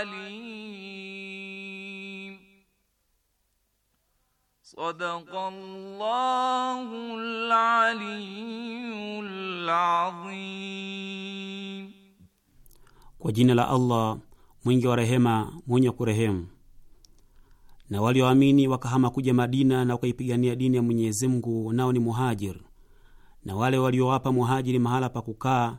alim. Sadaqallahul aliyyul azim. Kwa jina la Allah mwingi wa rehema mwenye kurehemu. Na walioamini wa wakahama kuja Madina na wakaipigania dini ya Mwenyezi Mungu, nao ni muhajir, na wale waliowapa wa muhajiri mahala pa kukaa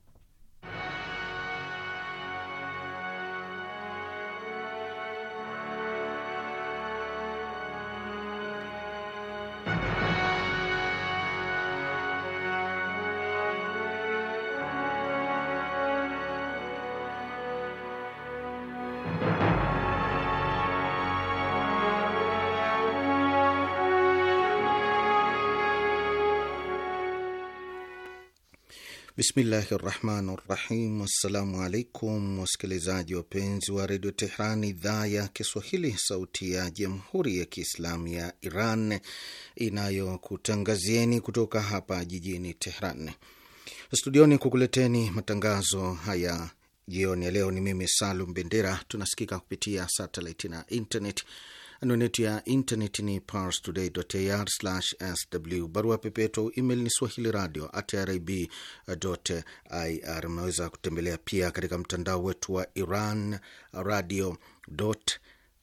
Bismillahi rahmani rahim. Assalamu alaikum wasikilizaji wapenzi wa redio Tehran, idhaa ya Kiswahili, sauti ya jamhuri ya kiislamu ya Iran inayokutangazieni kutoka hapa jijini Tehran studioni kukuleteni matangazo haya jioni ya leo. Ni mimi Salum Bendera. Tunasikika kupitia satelaiti na internet Anwani yetu ya intaneti ni parstoday.ir/sw. Barua pepe yetu email ni swahili radio at irib.ir. Mnaweza kutembelea pia katika mtandao wetu wa Iran radio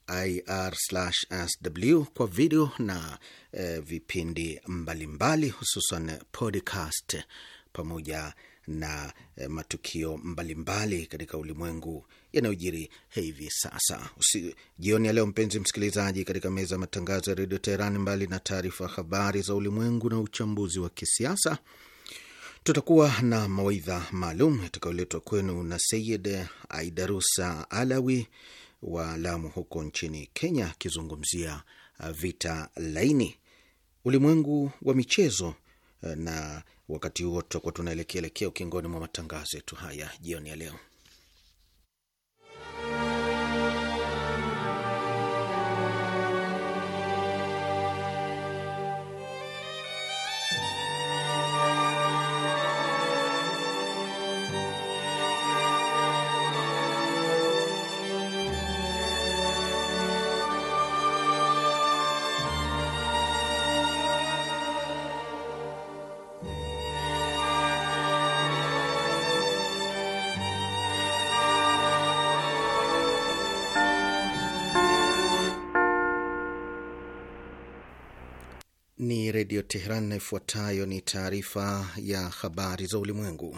ir/sw kwa video na eh, vipindi mbalimbali hususan podcast pamoja na eh, matukio mbalimbali katika ulimwengu yanayojiri hivi sasa. Usi, jioni ya leo mpenzi msikilizaji, katika meza ya matangazo ya redio Teheran, mbali na taarifa habari za ulimwengu na uchambuzi wa kisiasa, tutakuwa na mawaidha maalum yatakayoletwa kwenu na Sayid Aidarusa Alawi wa Lamu huko nchini Kenya, akizungumzia eh, vita laini, ulimwengu wa michezo eh, na Wakati huo tutakuwa tunaelekea elekea ukingoni mwa matangazo yetu haya jioni ya leo. Redio Teheran, na ifuatayo ni taarifa ya habari za ulimwengu.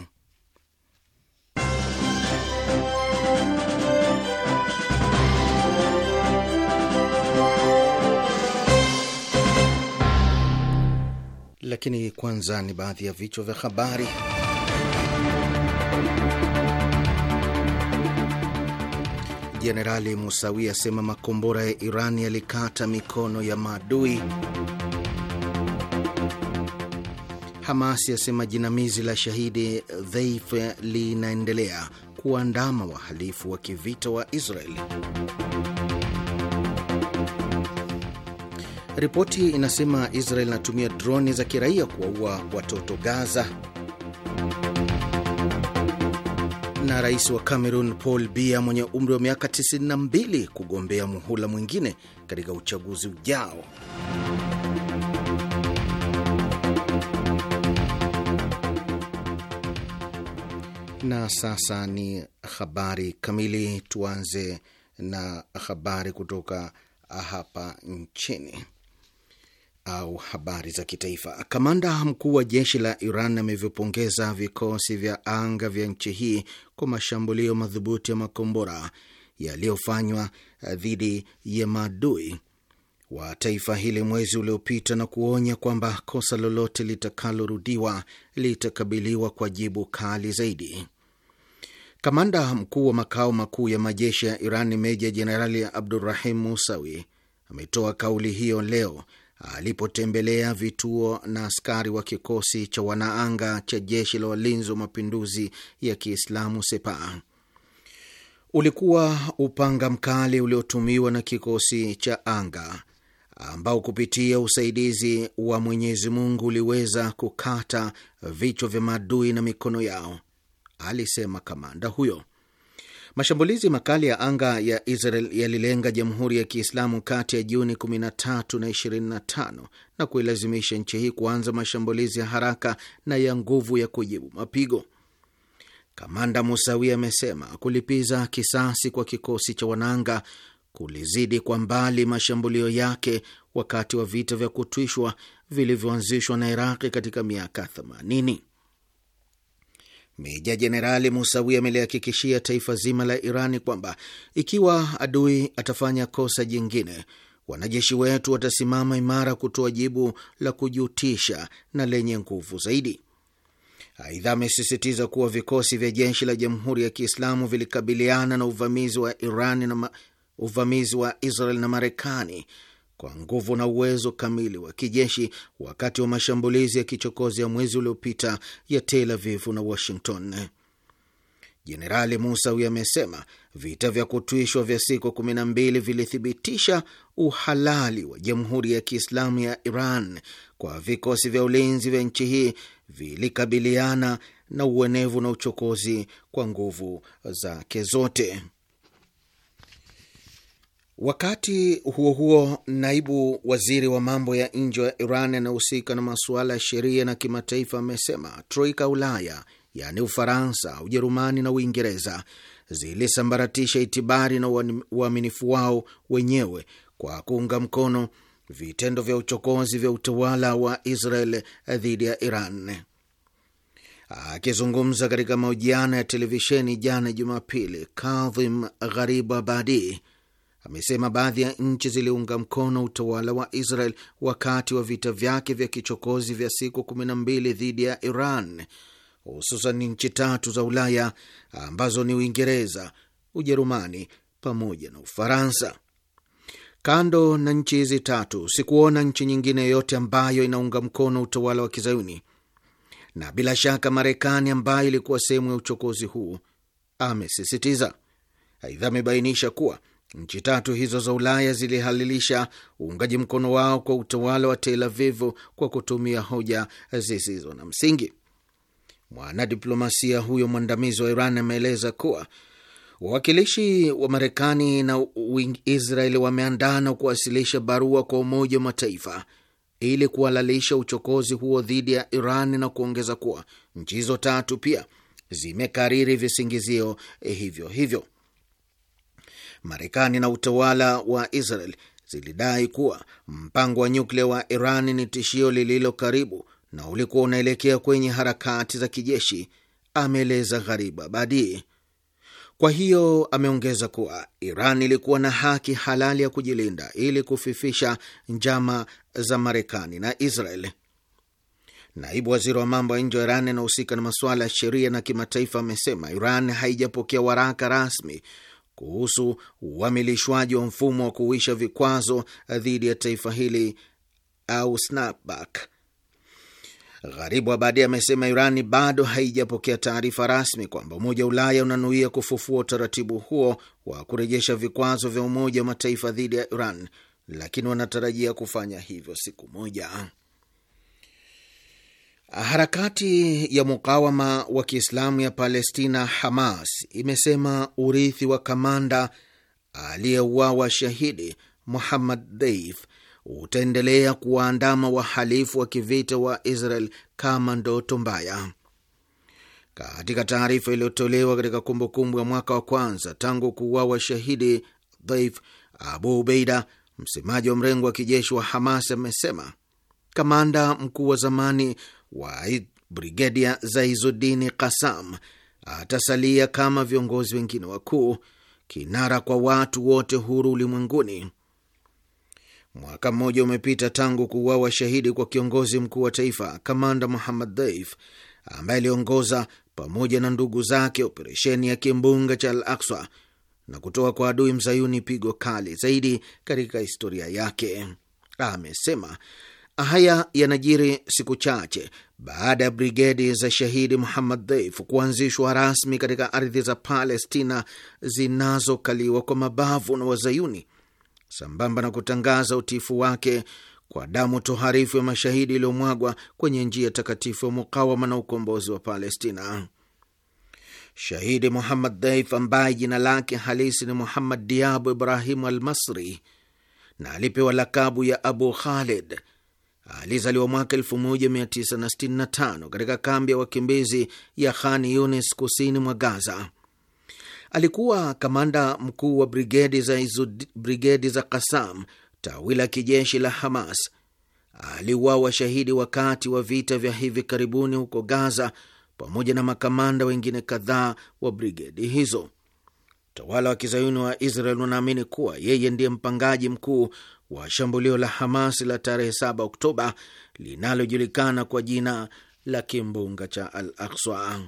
Lakini kwanza ni baadhi ya vichwa vya habari. Jenerali Musawi asema makombora ya Iran yalikata mikono ya maadui. Hamas yasema jinamizi la shahidi dheif linaendelea kuandama wahalifu wa kivita wa Israeli. Ripoti inasema Israel inatumia droni za kiraia kuwaua watoto Gaza. Na rais wa Cameroon Paul Biya mwenye umri wa miaka 92 kugombea muhula mwingine katika uchaguzi ujao. Na sasa ni habari kamili. Tuanze na habari kutoka hapa nchini au habari za kitaifa. Kamanda mkuu wa jeshi la Iran amevyopongeza vikosi vya anga vya nchi hii kwa mashambulio madhubuti ya makombora yaliyofanywa dhidi ya maadui wa taifa hili mwezi uliopita na kuonya kwamba kosa lolote litakalorudiwa litakabiliwa kwa jibu kali zaidi. Kamanda mkuu wa makao makuu ya majeshi ya Iran Meja Jenerali Abdurahim Musawi ametoa kauli hiyo leo alipotembelea vituo na askari wa kikosi cha wanaanga cha jeshi la walinzi wa mapinduzi ya Kiislamu sepa Ulikuwa upanga mkali uliotumiwa na kikosi cha anga ambao kupitia usaidizi wa Mwenyezi Mungu uliweza kukata vichwa vya maadui na mikono yao, alisema kamanda huyo. Mashambulizi makali ya anga ya Israel yalilenga Jamhuri ya Kiislamu kati ya Juni 13 na 25 na kuilazimisha nchi hii kuanza mashambulizi ya haraka na ya nguvu ya kujibu mapigo. Kamanda Musawi amesema kulipiza kisasi kwa kikosi cha wananga kulizidi kwa mbali mashambulio yake wakati wa vita vya kutwishwa vilivyoanzishwa na Iraqi katika miaka 80. Meja Jenerali Musawi amelihakikishia taifa zima la Irani kwamba ikiwa adui atafanya kosa jingine, wanajeshi wetu watasimama imara kutoa jibu la kujutisha na lenye nguvu zaidi. Aidha, amesisitiza kuwa vikosi vya jeshi la Jamhuri ya Kiislamu vilikabiliana na uvamizi wa Iran na, ma uvamizi wa Israel na Marekani kwa nguvu na uwezo kamili wa kijeshi wakati wa mashambulizi ya kichokozi ya mwezi uliopita ya Tel Avivu na Washington. Jenerali Musawi amesema vita vya kutwishwa vya siku 12 vilithibitisha uhalali wa Jamhuri ya Kiislamu ya Iran kwa vikosi vya ulinzi vya nchi hii vilikabiliana na uenevu na uchokozi kwa nguvu zake zote. Wakati huo huo, naibu waziri wa mambo ya nje wa Iran anaohusika na masuala ya sheria na kimataifa amesema troika Ulaya, yaani Ufaransa, Ujerumani na Uingereza zilisambaratisha itibari na uaminifu wao wenyewe kwa kuunga mkono vitendo vya uchokozi vya utawala wa Israel dhidi ya Iran. Akizungumza katika mahojiano ya televisheni jana Jumapili, Kadhim Gharib Abadi amesema baadhi ya nchi ziliunga mkono utawala wa Israel wakati wa vita vyake vya kichokozi vya siku 12 dhidi ya Iran, hususan nchi tatu za Ulaya ambazo ni Uingereza, Ujerumani pamoja na Ufaransa. Kando na nchi hizi tatu, sikuona nchi nyingine yoyote ambayo inaunga mkono utawala wa Kizayuni, na bila shaka Marekani ambayo ilikuwa sehemu ya uchokozi huu, amesisitiza. Aidha, amebainisha kuwa Nchi tatu hizo za Ulaya zilihalilisha uungaji mkono wao kwa utawala wa Tel Avivu kwa kutumia hoja zisizo na msingi. Mwanadiplomasia huyo mwandamizi wa Iran ameeleza kuwa wawakilishi wa Marekani na Israeli wameandana kuwasilisha barua kwa Umoja wa Mataifa ili kuhalalisha uchokozi huo dhidi ya Iran na kuongeza kuwa nchi hizo tatu pia zimekariri visingizio hivyo hivyo. Marekani na utawala wa Israel zilidai kuwa mpango wa nyuklia wa Iran ni tishio lililo karibu na ulikuwa unaelekea kwenye harakati za kijeshi, ameeleza Gharib Abadi. Kwa hiyo ameongeza kuwa Iran ilikuwa na haki halali ya kujilinda ili kufifisha njama za Marekani na Israel. Naibu waziri wa mambo ya nje wa Iran anahusika na masuala ya sheria na kimataifa amesema Iran haijapokea waraka rasmi kuhusu uamilishwaji wa mfumo wa kuisha vikwazo dhidi ya taifa hili au snapback. Gharibu Abadi amesema Irani bado haijapokea taarifa rasmi kwamba Umoja wa Ulaya unanuia kufufua utaratibu huo wa kurejesha vikwazo vya Umoja wa Mataifa dhidi ya Iran, lakini wanatarajia kufanya hivyo siku moja. Harakati ya mukawama wa Kiislamu ya Palestina, Hamas, imesema urithi wa kamanda aliyeuawa shahidi Muhammad Deif utaendelea kuwaandama wahalifu wa kivita wa Israel kama ndoto mbaya. Katika taarifa iliyotolewa katika kumbukumbu ya mwaka wa kwanza tangu kuuawa shahidi Dhaif, Abu Ubeida, msemaji wa mrengo wa kijeshi wa Hamas, amesema kamanda mkuu wa zamani wa Brigedia Zaizudini Kasam atasalia kama viongozi wengine wakuu, kinara kwa watu wote huru ulimwenguni. Mwaka mmoja umepita tangu kuuawa shahidi kwa kiongozi mkuu wa taifa kamanda Muhammad Daif ambaye aliongoza pamoja na ndugu zake operesheni ya kimbunga cha Al Akswa na kutoa kwa adui mzayuni pigo kali zaidi katika historia yake, amesema Haya yanajiri siku chache baada ya brigedi za shahidi Muhammad dheif kuanzishwa rasmi katika ardhi za Palestina zinazokaliwa kwa mabavu na Wazayuni, sambamba na kutangaza utiifu wake kwa damu toharifu ya mashahidi iliyomwagwa kwenye njia takatifu ya mukawama na ukombozi wa Palestina. Shahidi Muhammad Deif ambaye jina lake halisi ni Muhammad Diabu Ibrahimu Almasri na alipewa lakabu ya Abu Khalid alizaliwa mwaka 1965 katika kambi ya wakimbizi ya Khan Yunis kusini mwa Gaza. Alikuwa kamanda mkuu wa brigedi za Izud, brigedi za Kasam, tawi la kijeshi la Hamas. Aliuawa shahidi wakati wa vita vya hivi karibuni huko Gaza, pamoja na makamanda wengine kadhaa wa brigedi hizo. Utawala wa kizayuni wa Israel unaamini kuwa yeye ndiye mpangaji mkuu wa shambulio la Hamas la tarehe 7 Oktoba linalojulikana kwa jina la kimbunga cha Al akswa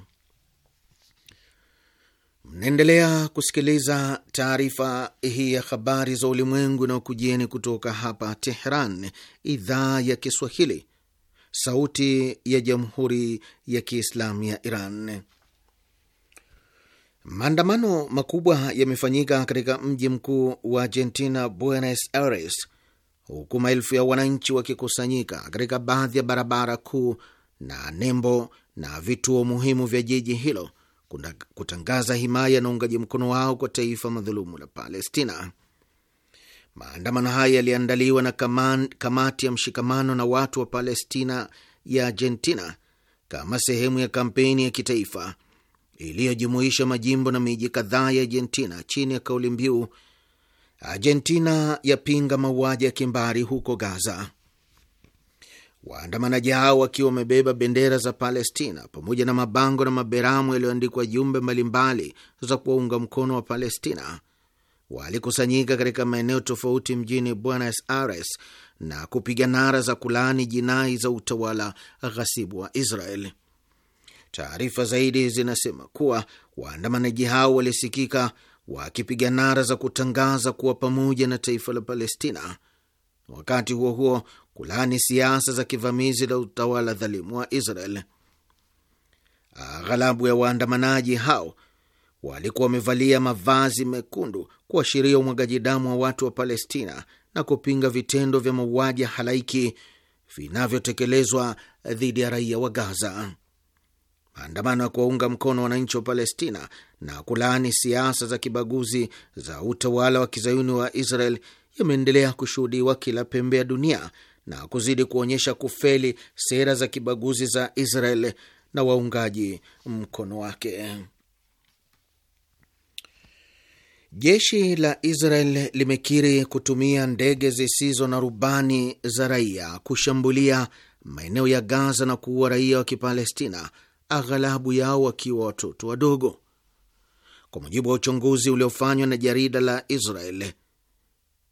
Mnaendelea kusikiliza taarifa hii ya habari za ulimwengu na ukujieni kutoka hapa Tehran, idhaa ya Kiswahili, sauti ya jamhuri ya kiislamu ya Iran. Maandamano makubwa yamefanyika katika mji mkuu wa Argentina, Buenos Aires, huku maelfu ya wananchi wakikusanyika katika baadhi ya barabara kuu na nembo na vituo muhimu vya jiji hilo kutangaza himaya na uungaji mkono wao kwa taifa madhulumu la Palestina. Maandamano haya yaliandaliwa na kaman, kamati ya mshikamano na watu wa Palestina ya Argentina kama sehemu ya kampeni ya kitaifa iliyojumuisha majimbo na miji kadhaa ya Argentina chini ya kauli mbiu Argentina yapinga mauaji ya kimbari huko Gaza. Waandamanaji hao wakiwa wamebeba bendera za Palestina pamoja na mabango na maberamu yaliyoandikwa jumbe mbalimbali za kuwaunga mkono wa Palestina walikusanyika katika maeneo tofauti mjini Buenos Aires na kupiga nara za kulaani jinai za utawala ghasibu wa Israel. Taarifa zaidi zinasema kuwa waandamanaji hao walisikika wakipiga nara za kutangaza kuwa pamoja na taifa la Palestina, wakati huo huo kulani siasa za kivamizi la utawala dhalimu wa Israel. Aghalabu ya waandamanaji hao walikuwa wamevalia mavazi mekundu kuashiria umwagaji damu wa watu wa Palestina na kupinga vitendo vya mauaji halaiki vinavyotekelezwa dhidi ya raia wa Gaza maandamano ya kuwaunga mkono wananchi wa Palestina na kulaani siasa za kibaguzi za utawala wa kizayuni wa Israel yameendelea kushuhudiwa kila pembe ya dunia na kuzidi kuonyesha kufeli sera za kibaguzi za Israel na waungaji mkono wake. Jeshi la Israel limekiri kutumia ndege zisizo na rubani za raia kushambulia maeneo ya Gaza na kuua raia wa Kipalestina aghalabu yao wakiwa watoto wadogo. Kwa mujibu wa uchunguzi uliofanywa na jarida la Israel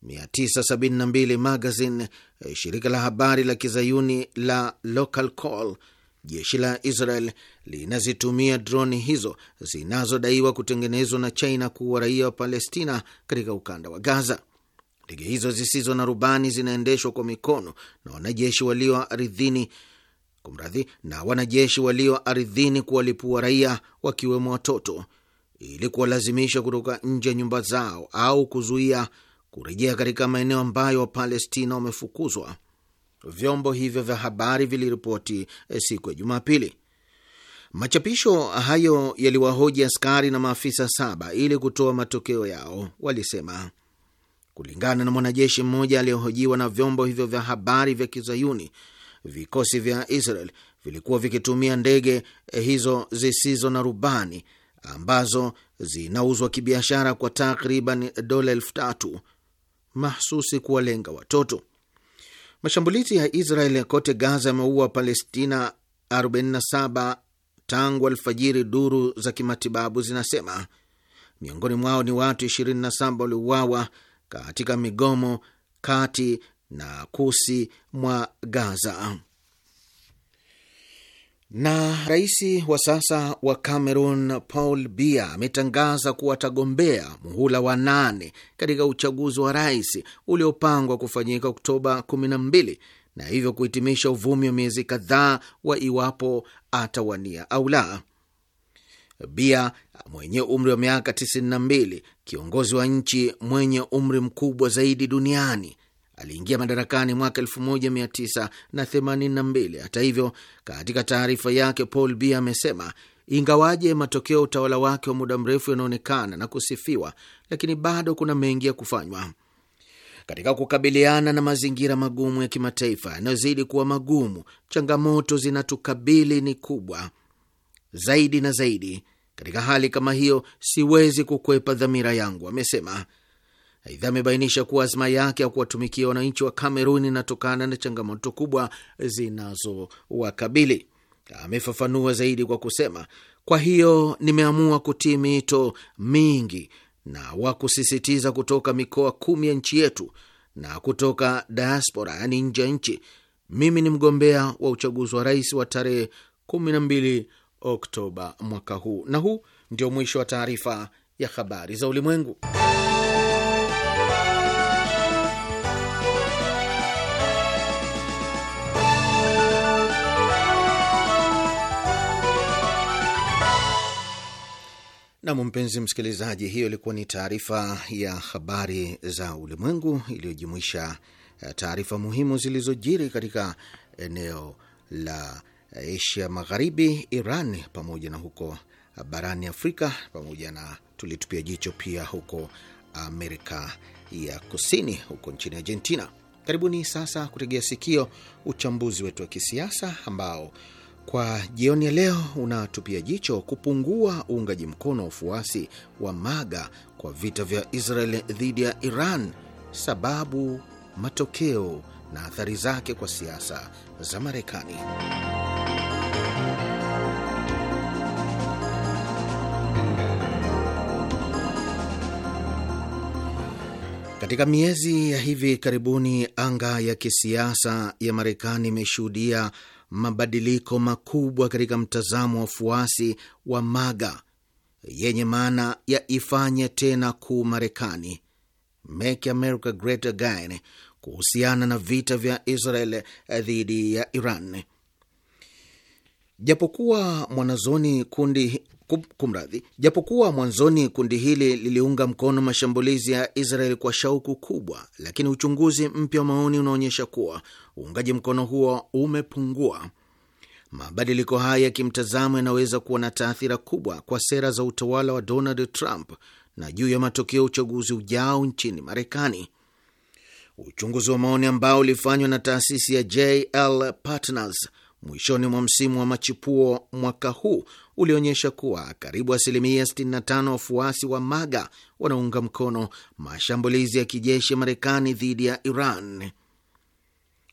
972 Magazine, eh, shirika la habari la kizayuni la Local Call, jeshi la Israel linazitumia droni hizo zinazodaiwa kutengenezwa na China kuwa raia wa Palestina katika ukanda wa Gaza. Ndege hizo zisizo na rubani zinaendeshwa kwa mikono na wanajeshi walio kumradhi, na wanajeshi walio ardhini kuwalipua raia wakiwemo watoto ili kuwalazimisha kutoka nje ya nyumba zao au kuzuia kurejea katika maeneo ambayo Wapalestina wamefukuzwa. Vyombo hivyo vya habari viliripoti eh, siku ya Jumapili. Machapisho hayo yaliwahoji askari na maafisa saba ili kutoa matokeo yao. Walisema kulingana na mwanajeshi mmoja aliyehojiwa na vyombo hivyo vya habari vya Kizayuni, vikosi vya Israel vilikuwa vikitumia ndege eh, hizo zisizo na rubani ambazo zinauzwa kibiashara kwa takriban dola elfu tatu mahsusi kuwalenga watoto. Mashambulizi ya Israel kote Gaza yameua Palestina 47 tangu alfajiri, duru za kimatibabu zinasema. Miongoni mwao ni watu 27 waliuawa katika migomo kati na kusi mwa Gaza. Na rais wa sasa wa Cameroon Paul Biya ametangaza kuwa atagombea muhula wa nane katika uchaguzi wa rais uliopangwa kufanyika Oktoba 12 na hivyo kuhitimisha uvumi wa miezi kadhaa wa iwapo atawania au la. Bia mwenye umri wa miaka 92, kiongozi wa nchi mwenye umri mkubwa zaidi duniani, aliingia madarakani mwaka 1982. Hata hivyo, katika taarifa yake Paul Biya amesema ingawaje matokeo ya utawala wake wa muda mrefu yanaonekana na kusifiwa, lakini bado kuna mengi ya kufanywa katika kukabiliana na mazingira magumu ya kimataifa yanayozidi kuwa magumu. Changamoto zinatukabili ni kubwa zaidi na zaidi. Katika hali kama hiyo, siwezi kukwepa dhamira yangu, amesema. Aidha, amebainisha kuwa azma yake ya kuwatumikia wananchi wa Kameruni inatokana na changamoto kubwa zinazowakabili. Amefafanua zaidi kwa kusema, kwa hiyo nimeamua kutii miito mingi na wa kusisitiza kutoka mikoa kumi ya nchi yetu na kutoka diaspora, yaani nje ya nchi. Mimi ni mgombea wa uchaguzi wa rais wa tarehe 12 Oktoba mwaka huu. Na huu ndio mwisho wa taarifa ya habari za ulimwengu. Nam, mpenzi msikilizaji, hiyo ilikuwa ni taarifa ya habari za ulimwengu iliyojumuisha eh, taarifa muhimu zilizojiri katika eneo la Asia Magharibi, Iran pamoja na huko eh, barani Afrika, pamoja na tulitupia jicho pia huko Amerika ya Kusini, huko nchini Argentina. Karibuni sasa kutegea sikio uchambuzi wetu wa kisiasa ambao kwa jioni ya leo unatupia jicho kupungua uungaji mkono wa ufuasi wa MAGA kwa vita vya Israel dhidi ya Iran, sababu, matokeo na athari zake kwa siasa za Marekani. Katika miezi ya hivi karibuni, anga ya kisiasa ya Marekani imeshuhudia mabadiliko makubwa katika mtazamo wa wafuasi wa MAGA yenye maana ya ifanye tena kuu Marekani, Make America Great Again, kuhusiana na vita vya Israel dhidi ya Iran. Japokuwa mwanazoni kundi Kumradhi, japokuwa mwanzoni kundi hili liliunga mkono mashambulizi ya Israel kwa shauku kubwa, lakini uchunguzi mpya wa maoni unaonyesha kuwa uungaji mkono huo umepungua. Mabadiliko haya ya kimtazamo yanaweza kuwa na taathira kubwa kwa sera za utawala wa Donald Trump na juu ya matokeo ya uchaguzi ujao nchini Marekani. Uchunguzi wa maoni ambao ulifanywa na taasisi ya JL Partners mwishoni mwa msimu wa machipuo mwaka huu ulionyesha kuwa karibu asilimia 65 wafuasi wa MAGA wanaunga mkono mashambulizi ya kijeshi ya Marekani dhidi ya Iran.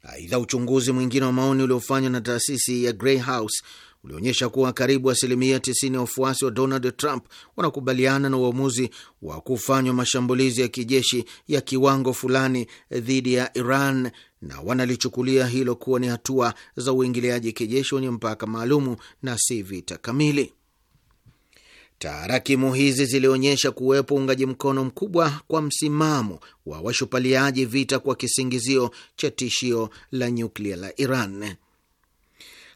Aidha, uchunguzi mwingine wa maoni uliofanywa na taasisi ya Grey House ulionyesha kuwa karibu asilimia 90 ya wafuasi wa Donald Trump wanakubaliana na uamuzi wa kufanywa mashambulizi ya kijeshi ya kiwango fulani dhidi ya Iran na wanalichukulia hilo kuwa ni hatua za uingiliaji kijeshi wenye mpaka maalumu na si vita kamili. Tarakimu hizi zilionyesha kuwepo uungaji mkono mkubwa kwa msimamo wa washupaliaji vita kwa kisingizio cha tishio la nyuklia la Iran.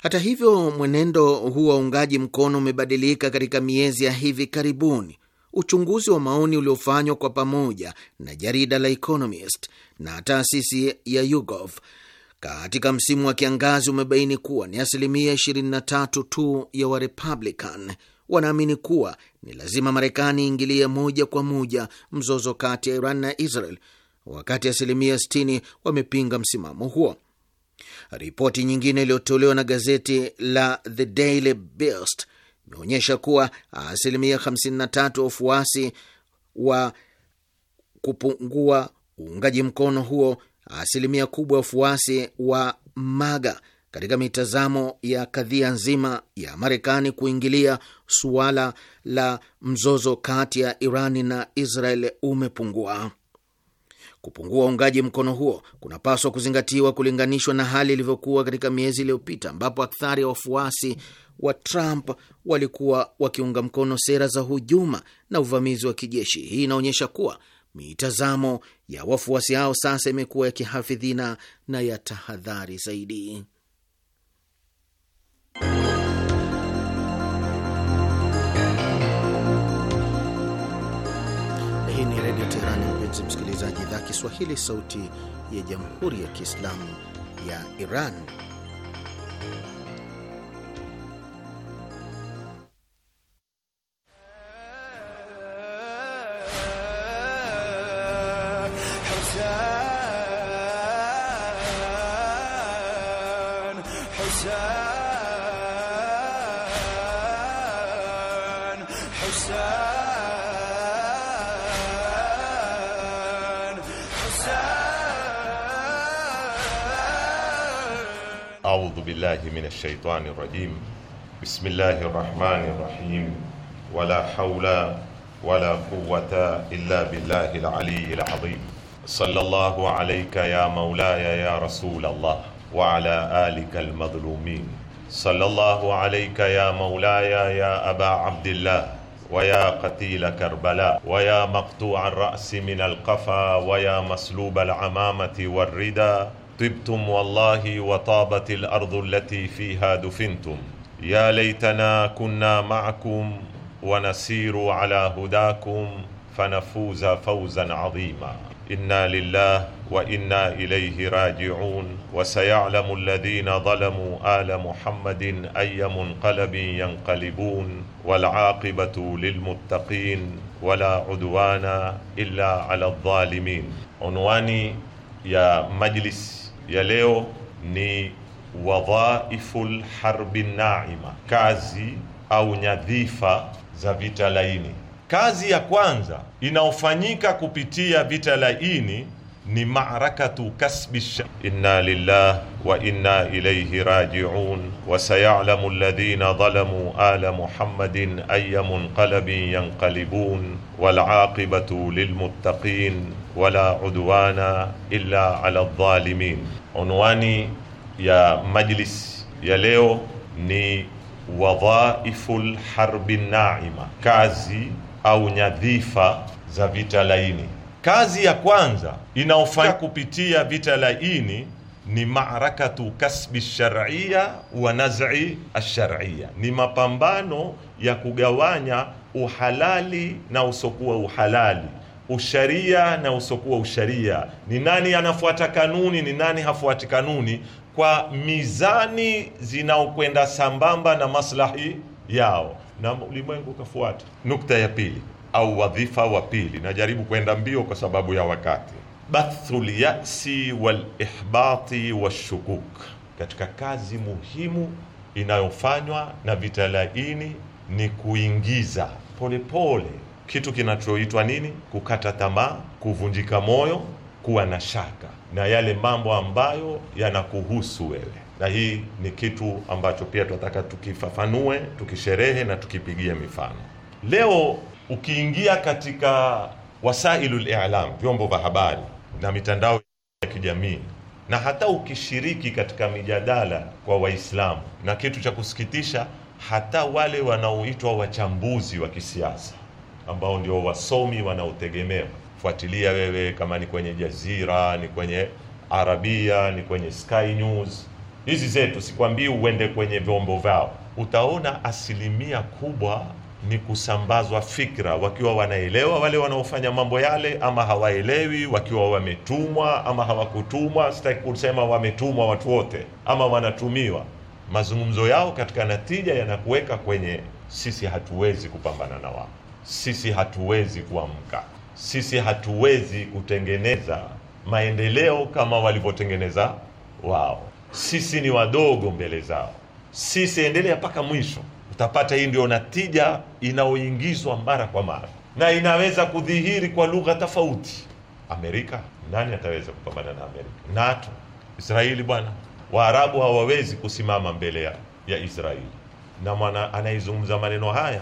Hata hivyo, mwenendo huu wa uungaji mkono umebadilika katika miezi ya hivi karibuni. Uchunguzi wa maoni uliofanywa kwa pamoja na jarida la Economist na taasisi ya YouGov katika msimu wa kiangazi umebaini kuwa ni asilimia 23 tu ya Warepublican wanaamini kuwa ni lazima Marekani iingilie moja kwa moja mzozo kati ya Iran na Israel, wakati asilimia 60 wamepinga msimamo huo. Ripoti nyingine iliyotolewa na gazeti la The Daily Beast imeonyesha kuwa asilimia 53 ya wafuasi wa kupungua uungaji mkono huo, asilimia kubwa ya wafuasi wa MAGA katika mitazamo ya kadhia nzima ya Marekani kuingilia suala la mzozo kati ya Irani na Israel umepungua. Kupungua uungaji mkono huo kunapaswa kuzingatiwa kulinganishwa na hali ilivyokuwa katika miezi iliyopita, ambapo akthari ya wafuasi wa Trump walikuwa wakiunga mkono sera za hujuma na uvamizi wa kijeshi. Hii inaonyesha kuwa mitazamo ya wafuasi hao sasa imekuwa ya kihafidhina na ya tahadhari zaidi. Hii ni Redio Teherani, mpenzi idhaa Kiswahili sauti ya Jamhuri ya Kiislamu ya Iran. الشيطان الرجيم بسم الله الرحمن الرحيم ولا حول ولا قوة إلا بالله العلي العظيم صلى الله عليك يا مولاي يا رسول الله وعلى آلك المظلومين صلى الله عليك يا مولاي يا أبا عبد الله ويا قتيل كربلاء ويا مقطوع الرأس من القفا ويا مسلوب العمامة والردى طبتم والله وطابت الارض التي فيها دفنتم يا ليتنا كنا معكم ونسير على هداكم فنفوز فوزا عظيما انا لله وانا اليه راجعون وسيعلم الذين ظلموا ال محمد اي منقلب ينقلبون والعاقبه للمتقين ولا عدوان الا على الظالمين عنواني يا مجلس ya leo ni wadhaiful harbi naima, kazi au nyadhifa za vita laini. Kazi ya kwanza inayofanyika kupitia vita laini ni maarakatu kasbi sha inna lillah wa inna ilayhi rajiun wa sayalamu alladhina dhalamu ala muhammadin ayya munqalabin yanqalibun wal aqibatu lilmuttaqin wala udwana illa ala dhalimin. Unwani ya majlis ya leo ni wadhaiful harbi naima, kazi au nyadhifa za vita laini. Kazi ya kwanza inaofanyika kupitia vita laini ni maarakatu kasbi sharia wa naz'i asharia, ni mapambano ya kugawanya uhalali na usokuwa uhalali, usharia na usokuwa usharia, ni nani anafuata kanuni, ni nani hafuati kanuni, kwa mizani zinaokwenda sambamba na maslahi yao, na ulimwengu ukafuata. Nukta ya pili au wadhifa wa pili, najaribu kwenda mbio kwa sababu ya wakati. Bathul yasi wal ihbati washukuk, katika kazi muhimu inayofanywa na vitalaini ni kuingiza polepole pole kitu kinachoitwa nini, kukata tamaa, kuvunjika moyo, kuwa na shaka na yale mambo ambayo yanakuhusu wewe, na hii ni kitu ambacho pia tunataka tukifafanue, tukisherehe na tukipigia mifano leo ukiingia katika wasailul i'lam, vyombo vya habari na mitandao ya kijamii na hata ukishiriki katika mijadala kwa Waislamu, na kitu cha kusikitisha, hata wale wanaoitwa wachambuzi wa kisiasa ambao ndio wasomi wanaotegemewa, fuatilia wewe, kama ni kwenye Jazira, ni kwenye Arabia, ni kwenye Sky News hizi zetu, sikwambii uende kwenye vyombo vyao, utaona asilimia kubwa ni kusambazwa fikra, wakiwa wanaelewa wale wanaofanya mambo yale, ama hawaelewi, wakiwa wametumwa ama hawakutumwa. Sitaki kusema wametumwa watu wote ama wanatumiwa. Mazungumzo yao katika natija yanakuweka kwenye sisi hatuwezi kupambana na wao, sisi hatuwezi kuamka, sisi hatuwezi kutengeneza maendeleo kama walivyotengeneza wao, sisi ni wadogo mbele zao, sisi endelea mpaka mwisho utapata hii ndio natija inayoingizwa mara kwa mara na inaweza kudhihiri kwa lugha tofauti. Amerika, nani ataweza kupambana na Amerika? NATO, Israeli bwana, Waarabu hawawezi kusimama mbele ya, ya Israeli na mwana anaizungumza maneno haya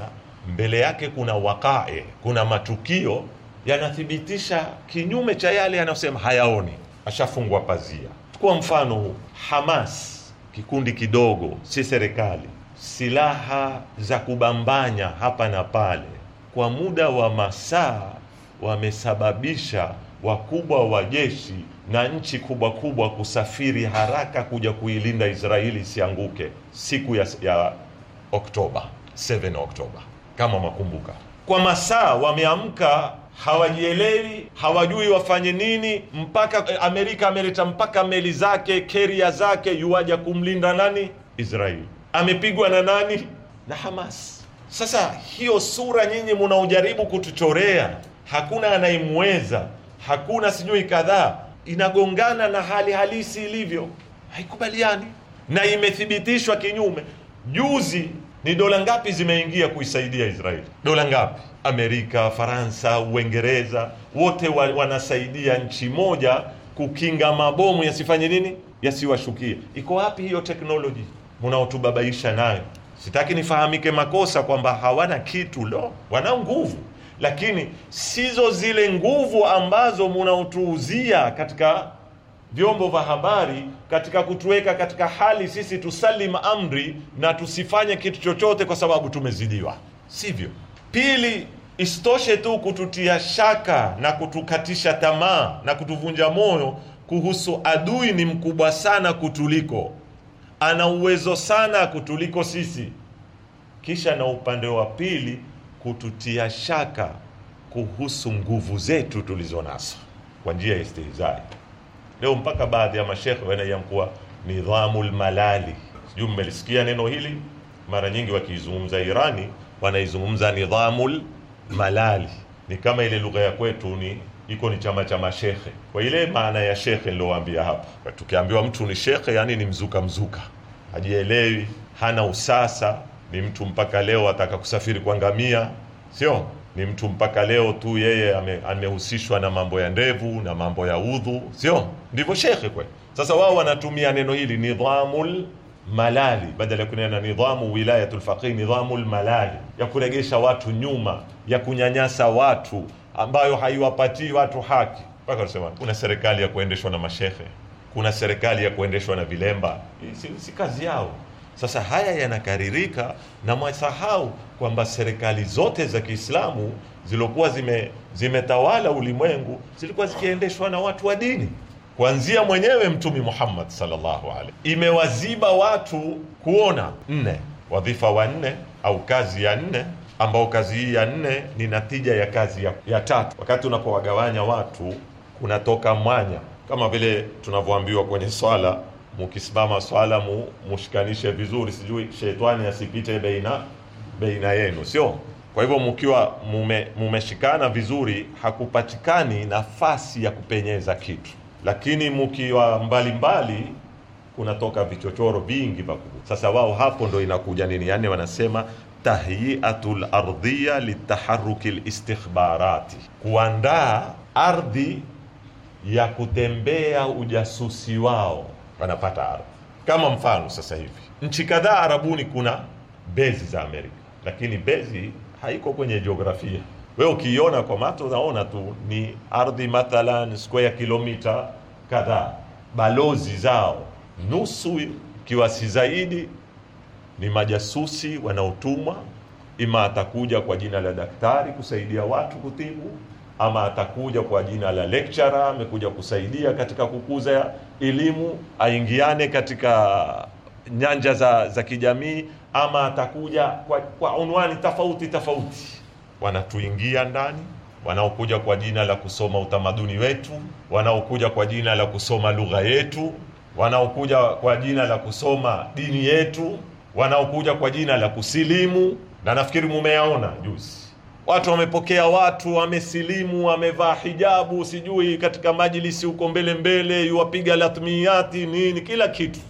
mbele yake kuna wakae, kuna matukio yanathibitisha kinyume cha yale yanayosema, hayaoni, ashafungwa pazia. Kwa mfano Hamas, kikundi kidogo, si serikali silaha za kubambanya hapa na pale kwa muda wa masaa, wamesababisha wakubwa wa jeshi na nchi kubwa kubwa kusafiri haraka kuja kuilinda Israeli isianguke siku ya, ya Oktoba 7 Oktoba, kama makumbuka, kwa masaa wameamka hawajielewi hawajui wafanye nini, mpaka eh, Amerika ameleta mpaka meli zake keria zake yuaja kumlinda nani Israeli amepigwa na nani? Na Hamas. Sasa hiyo sura nyinyi munaojaribu kutuchorea, hakuna anayemweza, hakuna sijui kadhaa, inagongana na hali halisi ilivyo, haikubaliani na imethibitishwa kinyume. Juzi ni dola ngapi zimeingia kuisaidia Israeli? Dola ngapi? Amerika, Faransa, Uingereza wote wa, wanasaidia nchi moja kukinga mabomu yasifanye nini, yasiwashukie Iko wapi hiyo teknoloji? mnaotubabaisha nayo. Sitaki nifahamike makosa kwamba hawana kitu, lo, wana nguvu, lakini sizo zile nguvu ambazo munaotuuzia katika vyombo vya habari katika kutuweka katika hali sisi tusalim amri na tusifanye kitu chochote kwa sababu tumezidiwa, sivyo? Pili, isitoshe tu kututia shaka na kutukatisha tamaa na kutuvunja moyo kuhusu adui ni mkubwa sana kutuliko ana uwezo sana kutuliko sisi, kisha na upande wa pili kututia shaka kuhusu nguvu zetu tulizo nazo kwa njia ya istihzai. Leo mpaka baadhi ya mashekhe wanaamkuwa nidhamu lmalali, sijui mmelisikia neno hili mara nyingi, wakiizungumza Irani wanaizungumza nidhamu lmalali, ni kama ile lugha ya kwetu ni iko ni chama cha mashehe kwa ile maana ya shekhe nilowambia hapa. Tukiambiwa mtu ni shehe yani ni mzuka mzuka, hajielewi, hana usasa, ni mtu mpaka leo ataka kusafiri kwa ngamia, sio ni mtu mpaka leo tu yeye amehusishwa ame na mambo ya ndevu na mambo ya udhu, sio ndivyo shekhe kwe. Sasa wao wanatumia neno hili nidhamul malali badala ya kunena nidhamu wilayatul faqih, nidhamul malali ya kuregesha watu nyuma, ya kunyanyasa watu ambayo haiwapatii watu haki. Mpaka wanasema kuna serikali ya kuendeshwa na mashehe, kuna serikali ya kuendeshwa na vilemba. Si, si kazi yao. Sasa haya yanakaririka na mwasahau kwamba serikali zote za Kiislamu zilokuwa zime zimetawala ulimwengu zilikuwa zikiendeshwa na watu wa dini, kuanzia mwenyewe Mtume Muhammad sallallahu alaihi. Imewaziba watu kuona nne, wadhifa wa nne au kazi ya nne ambao kazi hii ya nne ni natija ya kazi ya, ya tatu. Wakati unapowagawanya watu kunatoka mwanya, kama vile tunavyoambiwa kwenye swala, mukisimama swala mu, mushikanishe vizuri, sijui shetani asipite baina baina yenu, sio? Kwa hivyo mkiwa mume, mumeshikana vizuri, hakupatikani nafasi ya kupenyeza kitu, lakini mkiwa mbalimbali kunatoka vichochoro vingi pakubwa. Sasa wao hapo ndo inakuja nini, yaani wanasema tahyiatul ardhiya litaharuki listikhbarati, kuandaa ardhi ya kutembea ujasusi wao. Wanapata ardhi kama mfano, sasa hivi nchi kadhaa Arabuni kuna bezi za Amerika, lakini bezi haiko kwenye jiografia. Wewe ukiiona kwa mato unaona tu ni ardhi mathalan square kilomita kadhaa. Balozi zao nusu, kiwasi zaidi ni majasusi wanaotumwa, ima atakuja kwa jina la daktari kusaidia watu kutibu, ama atakuja kwa jina la lecturer, amekuja kusaidia katika kukuza elimu, aingiane katika nyanja za, za kijamii, ama atakuja kwa, kwa unwani tofauti tofauti. Wanatuingia ndani wanaokuja kwa jina la kusoma utamaduni wetu, wanaokuja kwa jina la kusoma lugha yetu, wanaokuja kwa jina la kusoma dini yetu wanaokuja kwa jina la kusilimu, na nafikiri mumeaona juzi watu wamepokea, watu wamesilimu, wamevaa hijabu, sijui katika majlisi huko mbele mbele, yuwapiga latmiyati nini, kila kitu.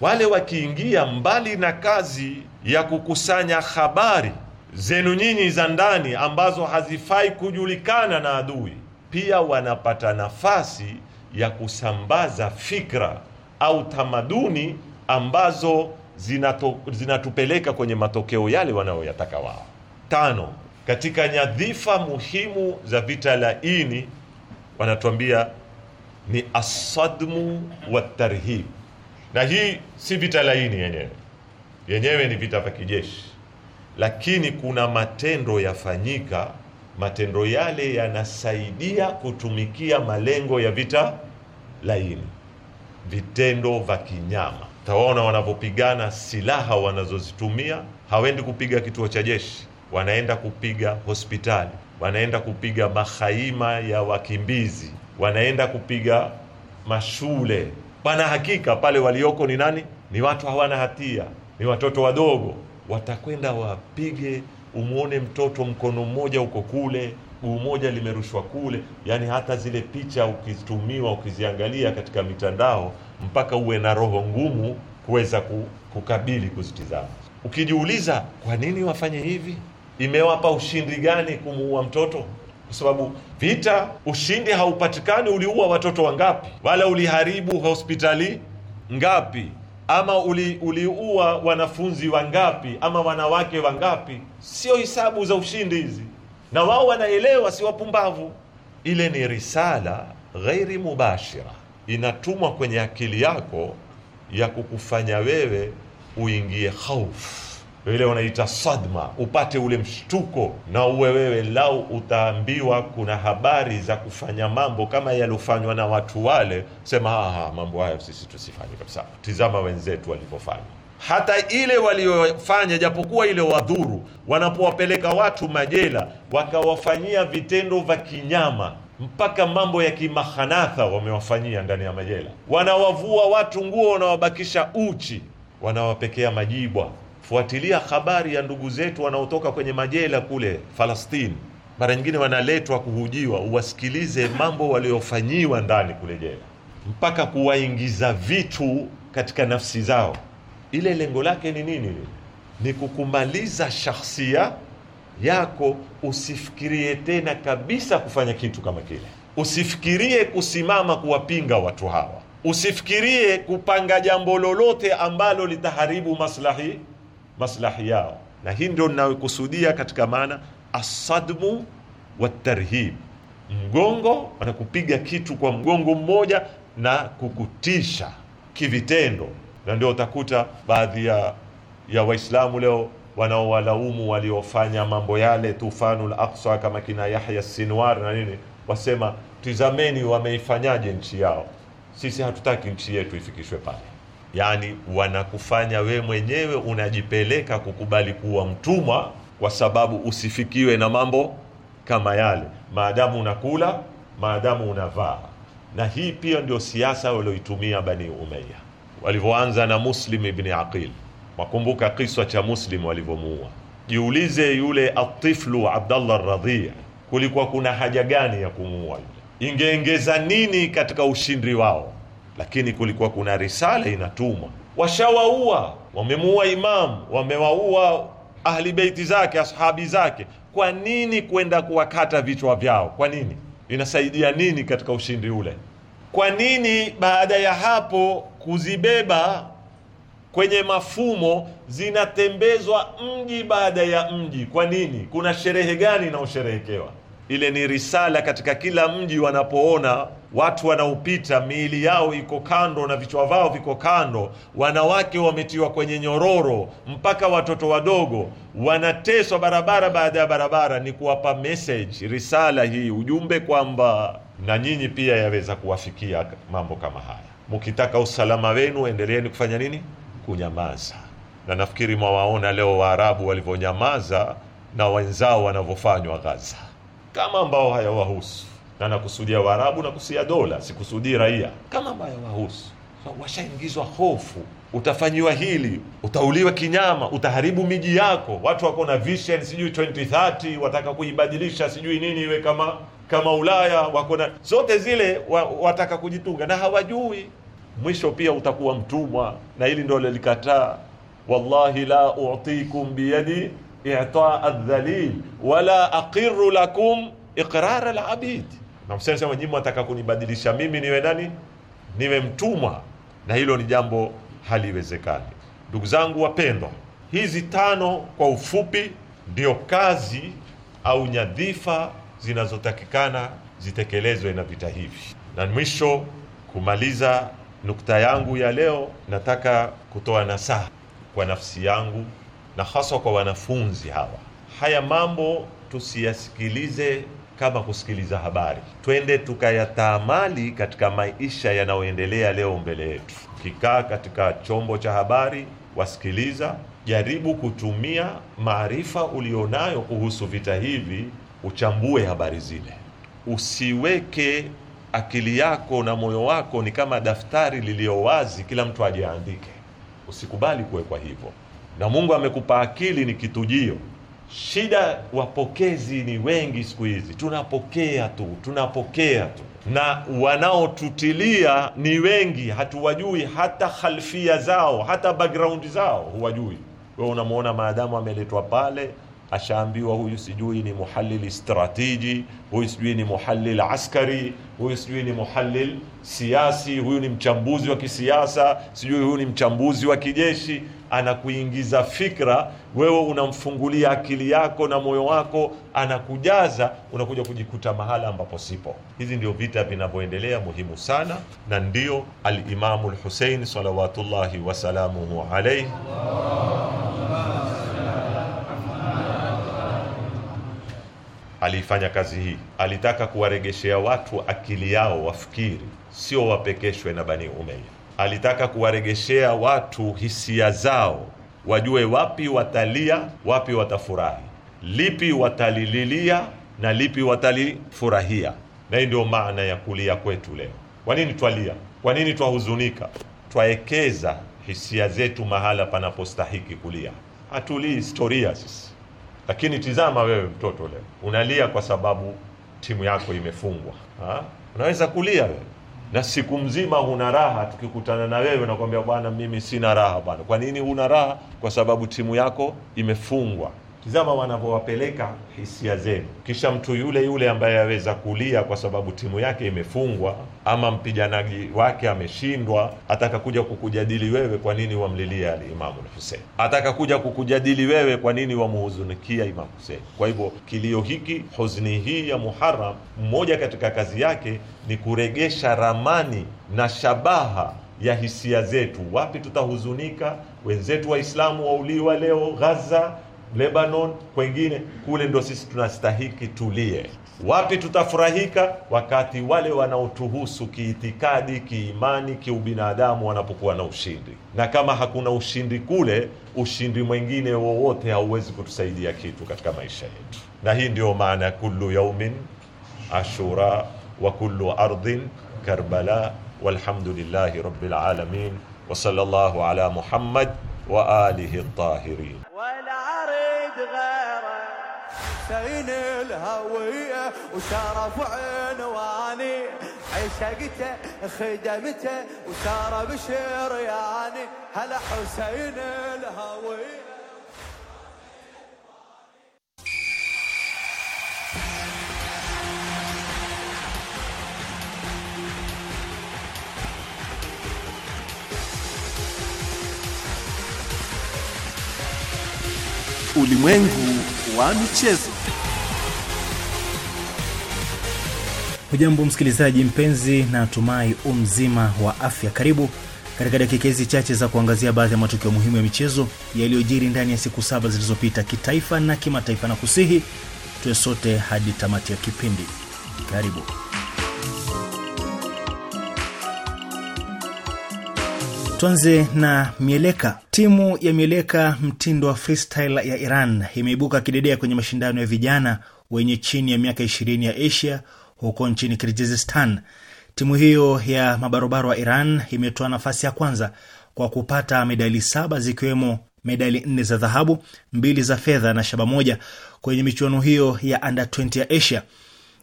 Wale wakiingia, mbali na kazi ya kukusanya habari zenu nyinyi za ndani ambazo hazifai kujulikana na adui, pia wanapata nafasi ya kusambaza fikra au tamaduni ambazo zinato, zinatupeleka kwenye matokeo yale wanayoyataka wao. Tano, katika nyadhifa muhimu za vita laini wanatuambia ni asadmu wa tarhib, na hii si vita laini yenyewe, yenyewe ni vita vya kijeshi, lakini kuna matendo yafanyika, matendo yale yanasaidia kutumikia malengo ya vita laini, vitendo vya kinyama Utaona wanapopigana silaha wanazozitumia hawendi kupiga kituo cha jeshi, wanaenda kupiga hospitali, wanaenda kupiga mahaima ya wakimbizi, wanaenda kupiga mashule. Wana hakika pale walioko ni nani? Ni watu hawana hatia, ni watoto wadogo. Watakwenda wapige, umwone mtoto mkono mmoja uko kule, guu moja limerushwa kule. Yaani hata zile picha ukitumiwa, ukiziangalia katika mitandao mpaka uwe na roho ngumu kuweza kukabili kuzitizama. Ukijiuliza kwa nini wafanye hivi, imewapa ushindi gani kumuua mtoto? Kwa sababu vita ushindi haupatikani. Uliua watoto wangapi? Wala uliharibu hospitali ngapi? Ama uli, uliua wanafunzi wangapi? Ama wanawake wangapi? Sio hisabu za ushindi hizi, na wao wanaelewa, si wapumbavu. Ile ni risala ghairi mubashira inatumwa kwenye akili yako ya kukufanya wewe uingie haufu ile wanaita sadma, upate ule mshtuko na uwe wewe, lau utaambiwa kuna habari za kufanya mambo kama yaliyofanywa na watu wale, sema aha, ah, mambo hayo sisi tusifanye kabisa. Tizama wenzetu walivyofanya, hata ile waliofanya, japokuwa ile wadhuru, wanapowapeleka watu majela wakawafanyia vitendo vya kinyama mpaka mambo ya kimahanatha wamewafanyia ndani ya majela. Wanawavua watu nguo, wanawabakisha uchi, wanawapekea majibwa. Fuatilia habari ya ndugu zetu wanaotoka kwenye majela kule Falastini, mara nyingine wanaletwa kuhujiwa, uwasikilize mambo waliofanyiwa ndani kule jela, mpaka kuwaingiza vitu katika nafsi zao. Ile lengo lake ni nini? Ni kukumaliza shahsia yako, usifikirie tena kabisa kufanya kitu kama kile. Usifikirie kusimama kuwapinga watu hawa, usifikirie kupanga jambo lolote ambalo litaharibu maslahi maslahi yao. Na hii ndio ninayokusudia katika maana asadmu watarhib, mgongo, kupiga kitu kwa mgongo mmoja na kukutisha kivitendo, na ndio utakuta baadhi ya, ya Waislamu leo wanaowalaumu waliofanya mambo yale tufanul Aqsa kama kina Yahya Sinwar na nini, wasema tizameni wameifanyaje nchi yao, sisi hatutaki nchi yetu ifikishwe pale. Yaani wanakufanya we mwenyewe unajipeleka kukubali kuwa mtumwa, kwa sababu usifikiwe na mambo kama yale, maadamu unakula, maadamu unavaa. Na hii pia ndio siasa walioitumia Bani umeya walivyoanza na Muslim ibni Aqil Wakumbuka kiswa cha Muslim walivyomuua. Jiulize yule atiflu Abdallah Radhi, kulikuwa kuna haja gani ya kumuua yule? Ingeongeza nini katika ushindi wao? Lakini kulikuwa kuna risala inatumwa, washawaua, wamemuua imamu, wamewaua ahli beiti zake, ashabi zake. Kwa nini kwenda kuwakata vichwa vyao? Kwa nini? Inasaidia nini katika ushindi ule? Kwa nini baada ya hapo kuzibeba kwenye mafumo zinatembezwa mji baada ya mji. Kwa nini? Kuna sherehe gani inaosherehekewa? Ile ni risala katika kila mji. Wanapoona watu wanaopita, miili yao iko kando na vichwa vao viko kando, wanawake wametiwa kwenye nyororo, mpaka watoto wadogo wanateswa barabara baada ya barabara, ni kuwapa message, risala hii, ujumbe kwamba na nyinyi pia yaweza kuwafikia mambo kama haya. Mukitaka usalama wenu, endeleeni kufanya nini? kunyamaza, na nafikiri mwawaona leo Waarabu walivyonyamaza na wenzao wanavyofanywa Gaza, kama ambao hayawahusu, na nakusudia Waarabu na kusia dola, sikusudii raia, kama ambao hayawahusu. So, washaingizwa hofu, utafanyiwa hili, utauliwa kinyama, utaharibu miji yako. Watu wako na vision, sijui 2030 wataka kuibadilisha, sijui nini iwe kama kama Ulaya, wako na zote zile wa, wataka kujitunga na hawajui mwisho pia utakuwa mtumwa, na hili ndio lilikataa, wallahi la utikum biyadi i'taa adh-dhalil wala aqirru lakum iqrar al-abid. Na Msema sema nyinyi mtaka kunibadilisha mimi niwe nani? Niwe mtumwa, na hilo ni jambo haliwezekani. Ndugu zangu wapendwa, hizi tano kwa ufupi ndio kazi au nyadhifa zinazotakikana zitekelezwe na vita hivi, na mwisho kumaliza Nukta yangu ya leo, nataka kutoa nasaha kwa nafsi yangu na haswa kwa wanafunzi hawa. Haya mambo tusiyasikilize kama kusikiliza habari, twende tukayatamali katika maisha yanayoendelea leo mbele yetu. Ukikaa katika chombo cha habari, wasikiliza, jaribu kutumia maarifa ulionayo kuhusu vita hivi, uchambue habari zile, usiweke akili yako na moyo wako ni kama daftari liliyo wazi, kila mtu ajiandike Usikubali kuwekwa hivyo, na Mungu amekupa akili, ni kitujio. Shida wapokezi ni wengi siku hizi, tunapokea tu, tunapokea tu, na wanaotutilia ni wengi, hatuwajui hata khalfia zao, hata background zao huwajui. Wewe unamwona maadamu ameletwa pale ashaambiwa huyu sijui ni muhalil strateji huyu sijui ni muhalil askari, huyu sijui ni muhalil siasi, huyu ni mchambuzi wa kisiasa, sijui huyu ni mchambuzi wa kijeshi. Anakuingiza fikra, wewe unamfungulia akili yako na moyo wako, anakujaza, unakuja kujikuta mahala ambapo sipo. Hizi ndio vita vinavyoendelea, muhimu sana, na ndio Alimamu Lhusein salawatullahi wasalamuhu alaihi aliifanya kazi hii. Alitaka kuwaregeshea watu akili yao wafikiri, sio wapekeshwe na Bani Umeya. Alitaka kuwaregeshea watu hisia zao, wajue wapi watalia, wapi watafurahi, lipi watalililia na lipi watalifurahia. Na hii ndio maana ya kulia kwetu leo. Kwa nini twalia? Kwa nini twahuzunika? Twaekeza hisia zetu mahala panapostahiki kulia. Hatulii historia sisi lakini tizama wewe mtoto leo unalia kwa sababu timu yako imefungwa ha? Unaweza kulia wewe na siku mzima huna raha. Tukikutana na wewe nakwambia, bwana, mimi sina raha bwana. Kwa nini huna raha? Kwa sababu timu yako imefungwa. Tizama wanavyowapeleka hisia zenu. Kisha mtu yule yule ambaye aweza kulia kwa sababu timu yake imefungwa ama mpiganaji wake ameshindwa, atakakuja kukujadili wewe, kwa nini wamlilia Alimamu Lhusein? Atakakuja kukujadili wewe, kwa nini wamhuzunikia Imamu Husein? Kwa hivyo kilio hiki, huzuni hii ya Muharram, mmoja katika kazi yake ni kuregesha ramani na shabaha ya hisia zetu. Wapi tutahuzunika? Wenzetu Waislamu wauliwa leo Gaza Lebanon, kwengine kule, ndo sisi tunastahiki tulie. Wapi tutafurahika? Wakati wale wanaotuhusu kiitikadi, kiimani, kiubinadamu wanapokuwa na ushindi. Na kama hakuna ushindi kule, ushindi mwingine wowote hauwezi kutusaidia kitu katika maisha yetu, na hii ndiyo maana ya kullu yaumin ashura wa kullu ardhin karbala walhamdulillahi rabbil alamin wa sallallahu ala Muhammad wa alihi tahirin. غيره حسين الهوية وشرف عنواني عشقته خدمته وسار بشرياني هلا حسين الهوية Ulimwengu wa michezo. Hujambo msikilizaji mpenzi, na tumai umzima wa afya. Karibu katika dakika hizi chache za kuangazia baadhi ya matukio muhimu ya michezo yaliyojiri ndani ya siku saba zilizopita kitaifa na kimataifa, na kusihi tuwe sote hadi tamati ya kipindi. Karibu. Tuanze na mieleka. Timu ya mieleka mtindo wa freestyle ya Iran imeibuka kidedea kwenye mashindano ya vijana wenye chini ya miaka 20 ya Asia huko nchini Kirgizistan. Timu hiyo ya mabarobaro wa Iran imetoa nafasi ya kwanza kwa kupata medali saba zikiwemo medali nne za dhahabu, mbili za fedha na shaba moja kwenye michuano hiyo ya under 20 ya Asia.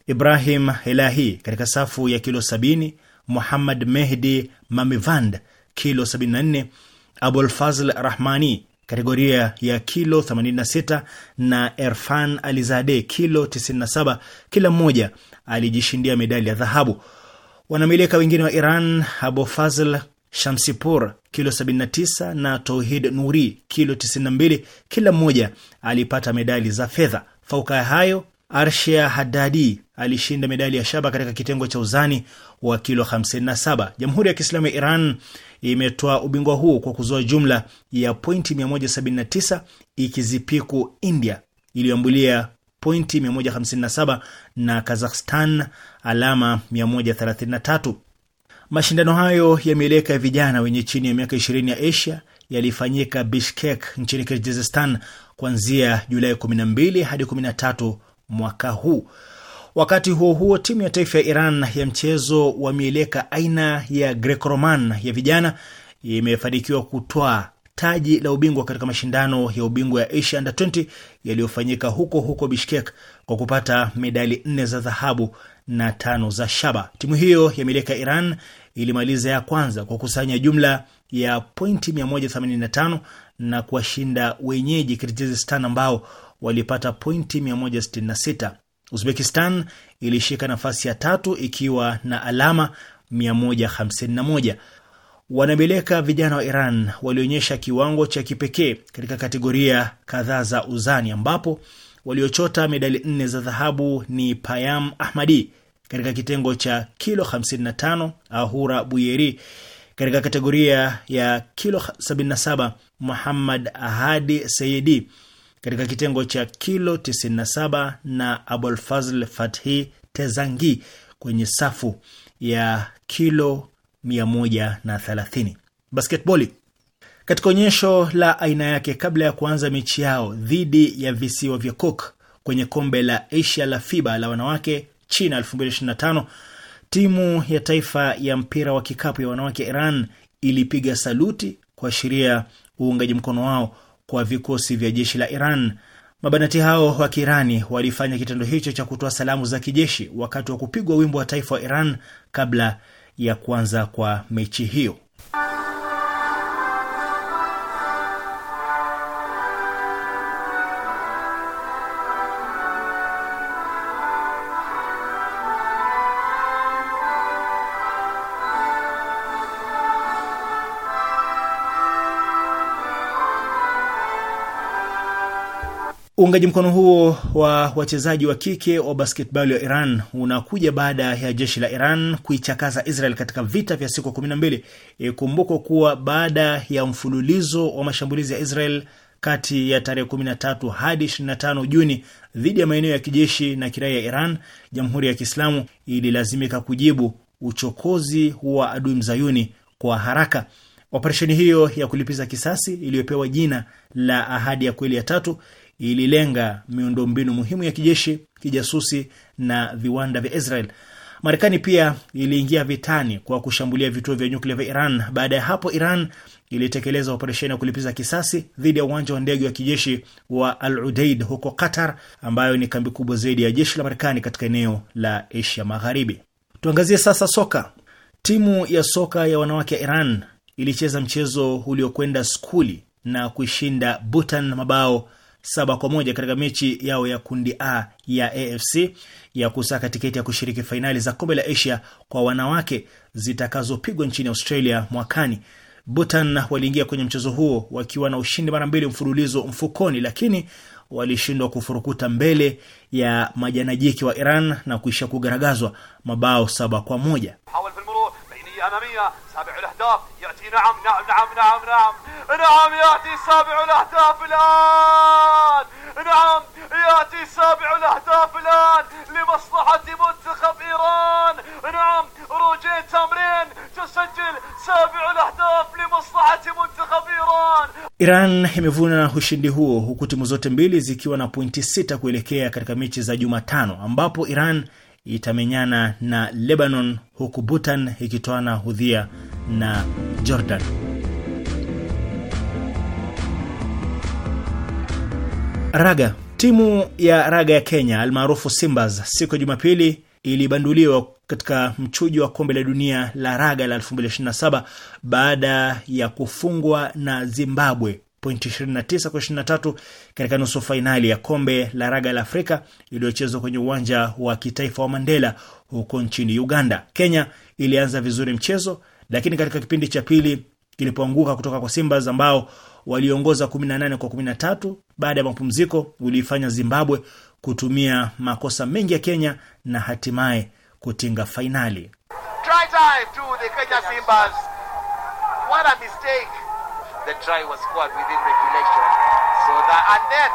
Ibrahim Elahi katika safu ya kilo sabini, Muhammad Mehdi Mamivand kilo 74, Abulfazl Rahmani kategoria ya kilo 86 na Erfan Alizade kilo 97, kila mmoja alijishindia medali ya dhahabu. Wanamileka wengine wa Iran, abufazl Shamsipur kilo 79 na Tauhid Nuri kilo 92, kila mmoja alipata medali za fedha. Fauka ya hayo, Arshia hadadi alishinda medali ya shaba katika kitengo cha uzani wa kilo 57. Jamhuri ya Kiislamu ya Iran imetoa ubingwa huo kwa kuzoa jumla ya pointi 179 ikizipiku India iliyoambulia pointi 157 na Kazakhstan alama 133. Mashindano hayo ya mieleka ya vijana wenye chini ya miaka 20 ya Asia yalifanyika Bishkek nchini Kirgizistan kuanzia Julai 12 hadi 13 mwaka huu. Wakati huo huo, timu ya taifa ya Iran ya mchezo wa mieleka aina ya Greco-Roman ya vijana imefanikiwa kutwaa taji la ubingwa katika mashindano ya ubingwa ya Asia Under 20 yaliyofanyika huko huko Bishkek kwa kupata medali nne za dhahabu na tano za shaba. Timu hiyo ya mieleka Iran ilimaliza ya kwanza kwa kusanya jumla ya pointi 185 na kuwashinda wenyeji Kirgizistan ambao walipata pointi 166. Uzbekistan ilishika nafasi ya tatu ikiwa na alama 151. Wanabeleka vijana wa Iran walionyesha kiwango cha kipekee katika kategoria kadhaa za uzani, ambapo waliochota medali nne za dhahabu ni Payam Ahmadi katika kitengo cha kilo 55, Ahura Buyeri katika kategoria ya kilo 77, Muhammad Ahadi Seyedi katika kitengo cha kilo 97 na Abolfazl Fathi Tezangi kwenye safu ya kilo 130. Basketboli katika onyesho la aina yake kabla ya kuanza mechi yao dhidi ya visiwa vya Cook kwenye kombe la Asia la FIBA la wanawake China 2025, timu ya taifa ya mpira wa kikapu ya wanawake Iran ilipiga saluti kuashiria uungaji mkono wao kwa vikosi vya jeshi la Iran. Mabanati hao wa Kiirani walifanya kitendo hicho cha kutoa salamu za kijeshi wakati wa kupigwa wimbo wa taifa wa Iran kabla ya kuanza kwa mechi hiyo. Uungaji mkono huo wa wachezaji wa kike wa basketball wa Iran unakuja baada ya jeshi la Iran kuichakaza Israel katika vita vya siku Ikumbukwa e kuwa baada ya mfululizo wa mashambulizi ya Israel kati ya tarehe 13 hadi 25 Juni dhidi ya maeneo ya kijeshi na kiraia ya Iran, Jamhuri ya Kiislamu ililazimika kujibu uchokozi wa adui mzayuni kwa haraka. Operesheni hiyo ya kulipiza kisasi iliyopewa jina la Ahadi ya Kweli ya Tatu ililenga miundombinu muhimu ya kijeshi, kijasusi na viwanda vya Israel. Marekani pia iliingia vitani kwa kushambulia vituo vya nyuklia vya Iran. Baada ya hapo, Iran ilitekeleza operesheni ya kulipiza kisasi dhidi ya uwanja wa ndege wa kijeshi wa Al Udeid huko Qatar, ambayo ni kambi kubwa zaidi ya jeshi la Marekani katika eneo la Asia Magharibi. Tuangazie sasa soka. Timu ya soka ya wanawake ya Iran ilicheza mchezo uliokwenda skuli na kuishinda Bhutan mabao saba kwa moja katika mechi yao ya kundi A ya AFC ya kusaka tiketi ya kushiriki fainali za kombe la Asia kwa wanawake zitakazopigwa nchini Australia mwakani. Bhutan waliingia kwenye mchezo huo wakiwa na ushindi mara mbili mfululizo mfukoni, lakini walishindwa kufurukuta mbele ya majanajiki wa Iran na kuisha kugaragazwa mabao saba kwa moja. ياتي نعم نعم نعم نعم نعم نعم ياتي سابع الاهداف الان نعم ياتي سابع الاهداف الان لمصلحة منتخب ايران نعم روجين تمرين تسجل سابع الاهداف لمصلحة منتخب ايران Iran imevuna ushindi huo huku timu zote mbili zikiwa na pointi sita kuelekea katika mechi za Jumatano ambapo Iran itamenyana na Lebanon, huku Bhutan ikitoana hudhia na Jordan. Raga. Timu ya raga ya Kenya almaarufu Simbas siku ya Jumapili ilibanduliwa katika mchujo wa kombe la dunia la raga la 2027 baada ya kufungwa na Zimbabwe pointi 29 kwa 23 katika nusu fainali ya kombe la raga la Afrika iliyochezwa kwenye uwanja wa kitaifa wa Mandela huko nchini Uganda. Kenya ilianza vizuri mchezo, lakini katika kipindi cha pili kilipoanguka kutoka kwa Simba ambao waliongoza 18 kwa 13 baada ya mapumziko, uliifanya Zimbabwe kutumia makosa mengi ya Kenya na hatimaye kutinga fainali. Try time to the Kenya Simbas. What a mistake the try was scored within regulation. So that, and then,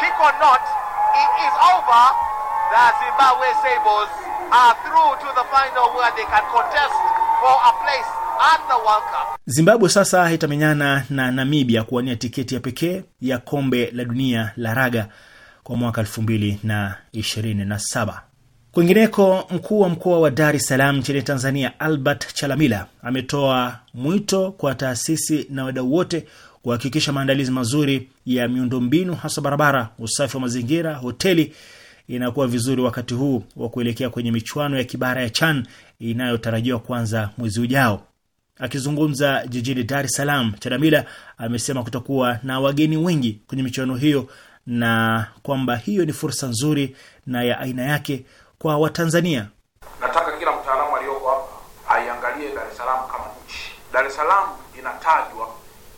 kick or not, it is over. The Zimbabwe Sables are through to the final where they can contest for a place at the World Cup. Zimbabwe sasa itamenyana na Namibia kuwania tiketi ya pekee ya kombe la dunia la raga kwa mwaka 2027. Kwingineko, mkuu wa mkoa wa Dar es Salaam nchini Tanzania, Albert Chalamila, ametoa mwito kwa taasisi na wadau wote kuhakikisha maandalizi mazuri ya miundombinu, hasa barabara, usafi wa mazingira, hoteli inakuwa vizuri wakati huu wa kuelekea kwenye michuano ya kibara ya CHAN inayotarajiwa kuanza mwezi ujao. Akizungumza jijini Dar es Salaam, Chalamila amesema kutakuwa na wageni wengi kwenye michuano hiyo na kwamba hiyo ni fursa nzuri na ya aina yake kwa Watanzania. Nataka kila mtaalamu aliyoko hapa aiangalie Dar es Salaam kama nchi. Dar es Salaam inatajwa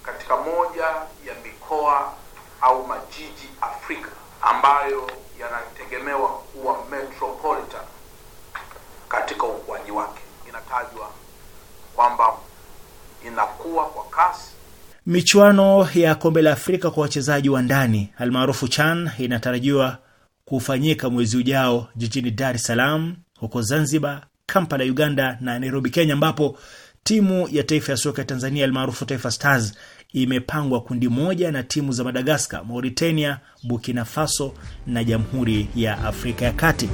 katika moja ya mikoa au majiji Afrika ambayo yanategemewa kuwa metropolitan katika ukuaji wake. Inatajwa kwamba inakuwa kwa kasi. Michuano ya kombe la Afrika kwa wachezaji wa ndani almaarufu CHAN inatarajiwa kufanyika mwezi ujao jijini Dar es Salaam, huko Zanzibar, Kampala Uganda na Nairobi Kenya, ambapo timu ya taifa ya soka ya Tanzania almaarufu Taifa Stars imepangwa kundi moja na timu za Madagaskar, Mauritania, Burkina Faso na Jamhuri ya Afrika ya Kati.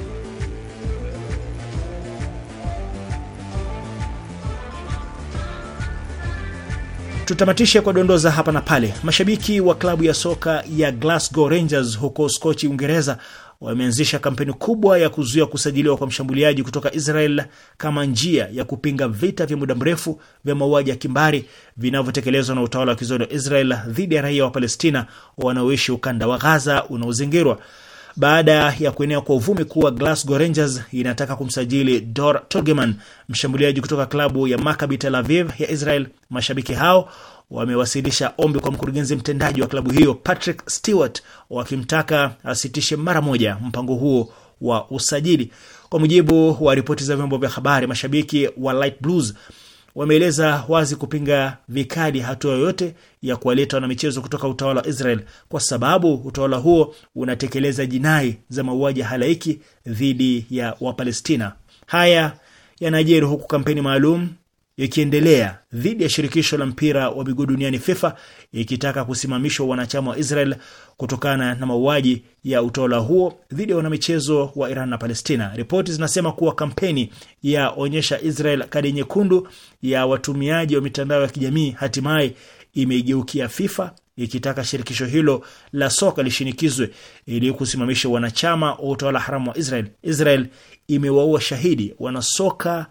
Tutamatishe kwa dondoza hapa na pale. Mashabiki wa klabu ya soka ya Glasgow Rangers huko Skochi, Uingereza wameanzisha kampeni kubwa ya kuzuia kusajiliwa kwa mshambuliaji kutoka Israel kama njia ya kupinga vita vya muda mrefu vya mauaji ya kimbari vinavyotekelezwa na utawala wa kizoni wa Israel dhidi ya raia wa Palestina wanaoishi ukanda wa ghaza unaozingirwa baada ya kuenea kwa uvumi kuwa Glasgow Rangers inataka kumsajili Dor Turgeman, mshambuliaji kutoka klabu ya Maccabi Tel Aviv ya Israel. Mashabiki hao wamewasilisha ombi kwa mkurugenzi mtendaji wa klabu hiyo Patrick Stewart, wakimtaka asitishe mara moja mpango huo wa usajili. Kwa mujibu wa ripoti za vyombo vya habari, mashabiki wa Light Blues wameeleza wazi kupinga vikali hatua yoyote ya kuwaleta wanamichezo kutoka utawala wa Israel kwa sababu utawala huo unatekeleza jinai za mauaji ya halaiki dhidi ya Wapalestina. Haya yanajiri huku kampeni maalum yakiendelea dhidi ya shirikisho la mpira wa miguu duniani FIFA ikitaka kusimamishwa wanachama wa Israel kutokana na mauaji ya utawala huo dhidi ya wanamichezo wa Iran na Palestina. Ripoti zinasema kuwa kampeni ya onyesha Israel kadi nyekundu ya watumiaji wa mitandao ya kijamii hatimaye imeigeukia FIFA ikitaka shirikisho hilo la soka lishinikizwe ili kusimamisha wanachama wa utawala haramu wa Israel. Israel imewaua shahidi wanasoka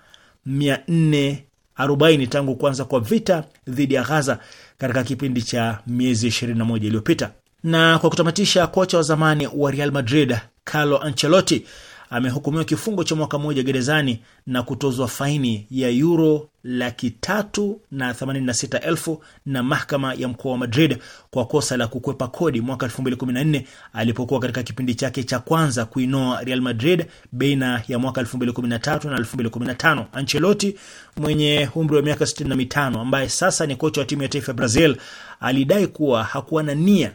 40 tangu kuanza kwa vita dhidi ya Ghaza katika kipindi cha miezi 21 iliyopita. Na kwa kutamatisha, kocha wa zamani wa Real Madrid Carlo Ancelotti amehukumiwa kifungo cha mwaka mmoja gerezani na kutozwa faini ya yuro laki tatu na themanini na sita elfu na mahakama ya mkoa wa Madrid kwa kosa la kukwepa kodi mwaka nne alipokuwa katika kipindi chake cha kwanza kuinoa Real Madrid baina ya mwaka kumi na tano. Ancelotti mwenye umri wa miaka 65 ambaye sasa ni kocha wa timu ya taifa ya Brazil alidai kuwa hakuwa na nia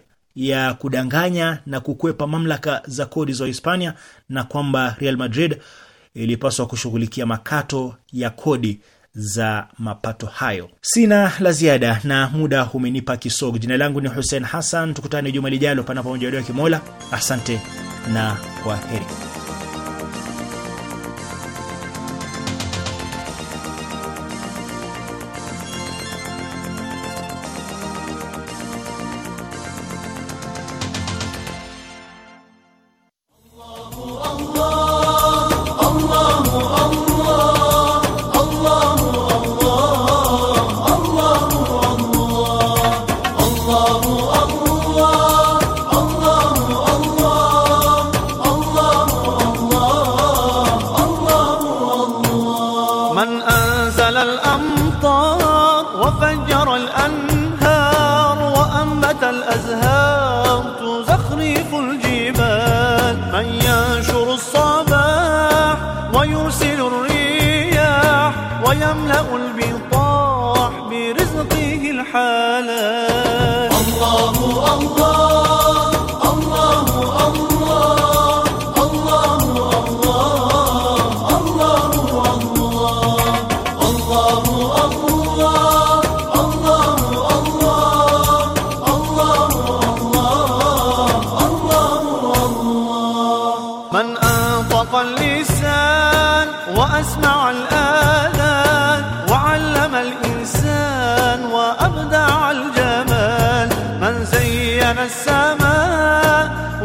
ya kudanganya na kukwepa mamlaka za kodi za Hispania na kwamba Real Madrid ilipaswa kushughulikia makato ya kodi za mapato hayo. Sina la ziada na muda umenipa kisogo. Jina langu ni Hussein Hassan, tukutane juma lijalo, panapo majaliwa Kimola. Asante na kwa heri.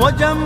وجمل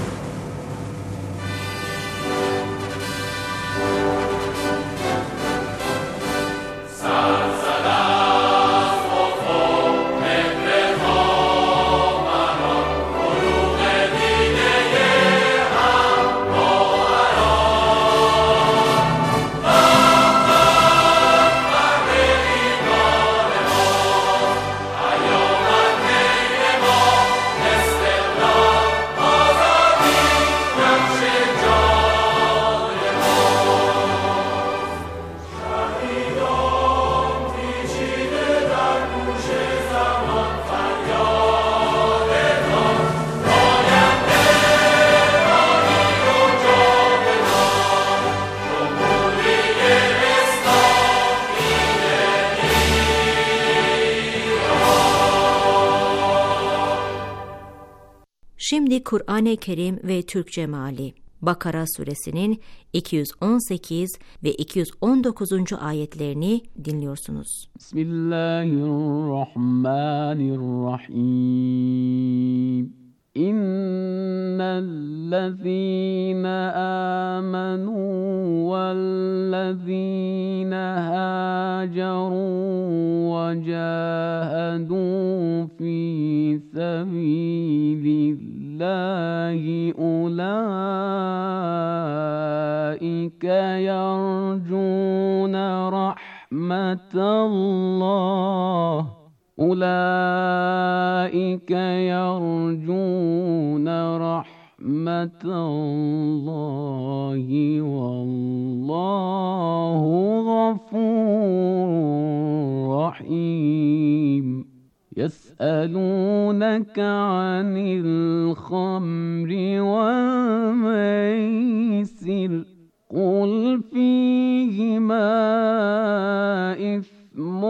Kur'an-ı Kerim ve Türkçe meali. Bakara suresinin 218 ve 219. ayetlerini dinliyorsunuz. Bismillahirrahmanirrahim. İnnellezîne âmenû vellezîne hâcerû ve câhedû fî الله أولئك يرجون رحمة الله أولئك يرجون رحمة الله والله غفور رحيم يسألونك عن الخمر والميسر قل فيهما إثم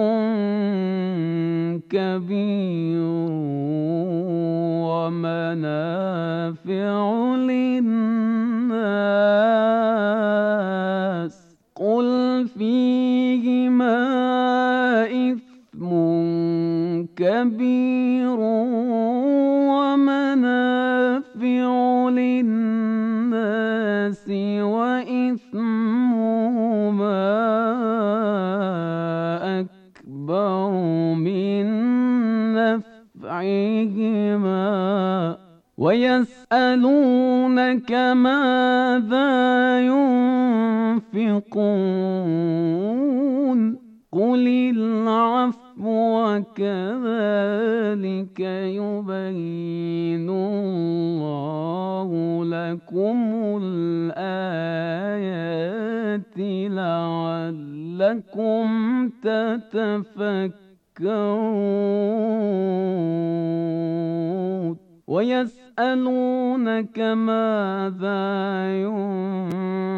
كبير ومنافع للناس كبير ومنافع للناس وإثمهما أكبر من نفعهما ويسألونك ماذا ينفقون قل العفو وكذلك يبين الله لكم الآيات لعلكم تتفكرون ويسألونك ماذا ينفقون